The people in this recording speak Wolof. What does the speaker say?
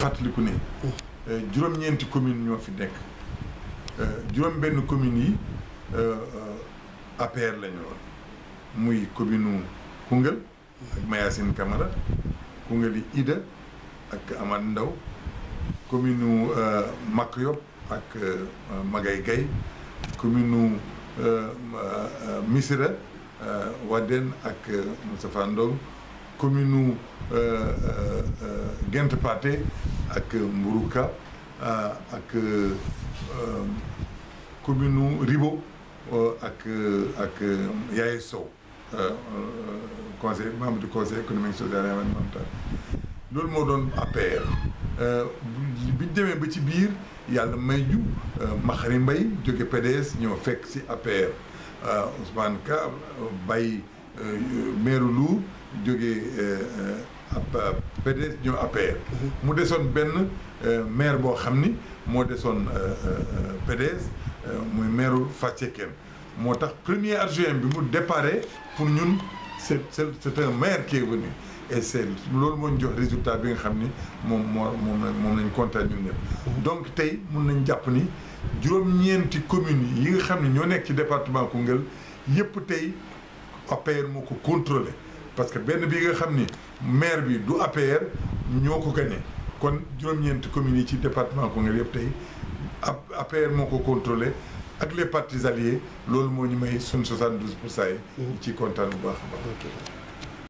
fàttaliku ne euh, juróom-ñeenti commune ñoo fi nekk euh, juróom benn communes yi euh, APR lañu woon muy commune Koungheul ak Mayacine Camara Koungheul yi Ida ak Amad Ndaw commune Makoyop ak Magay Gay commune Missira Waden ak Moustapha Ndong commune Gent Pathé ak Mburuka euh, ak euh, commune Ribo euh, ak ak Yaye Sow conseil membre du conseil économique social et loolu moo doon APR bi demee ba ci biir yàlla may ju Maxari Mbay jóge PDS ñoo fekk ci APR Ousmane Ka Bay maire Lour jóge pédé ñu APR mu déssone ben euh, maire bo xamni mo déssone euh, euh, pédé PDS muy maireu Fass motax premier adjoint bi mu déparé pour ñun c'est c'est un maire qui est venu et c'est lool mo ñu jox résultat bi nga xam mom mom moo moom la lañ kontaan ñun ñëpp donc tay mën nañ japp ni juroom ñeenti commune yi nga xamni ñoo nekk ci département Koungheul yëpp tey APR moo ko contrôlé parce que benn bi nga xam ni maire bi du APR ñoo ko gagné kon juróom-ñeenti communes yi ci département Koungheul yëpp tey APR moo ko contrôlé ak les partis alliés loolu moo ñu may suñ 72 pour cent yi. Mm-hmm. ci kontaan bu baax.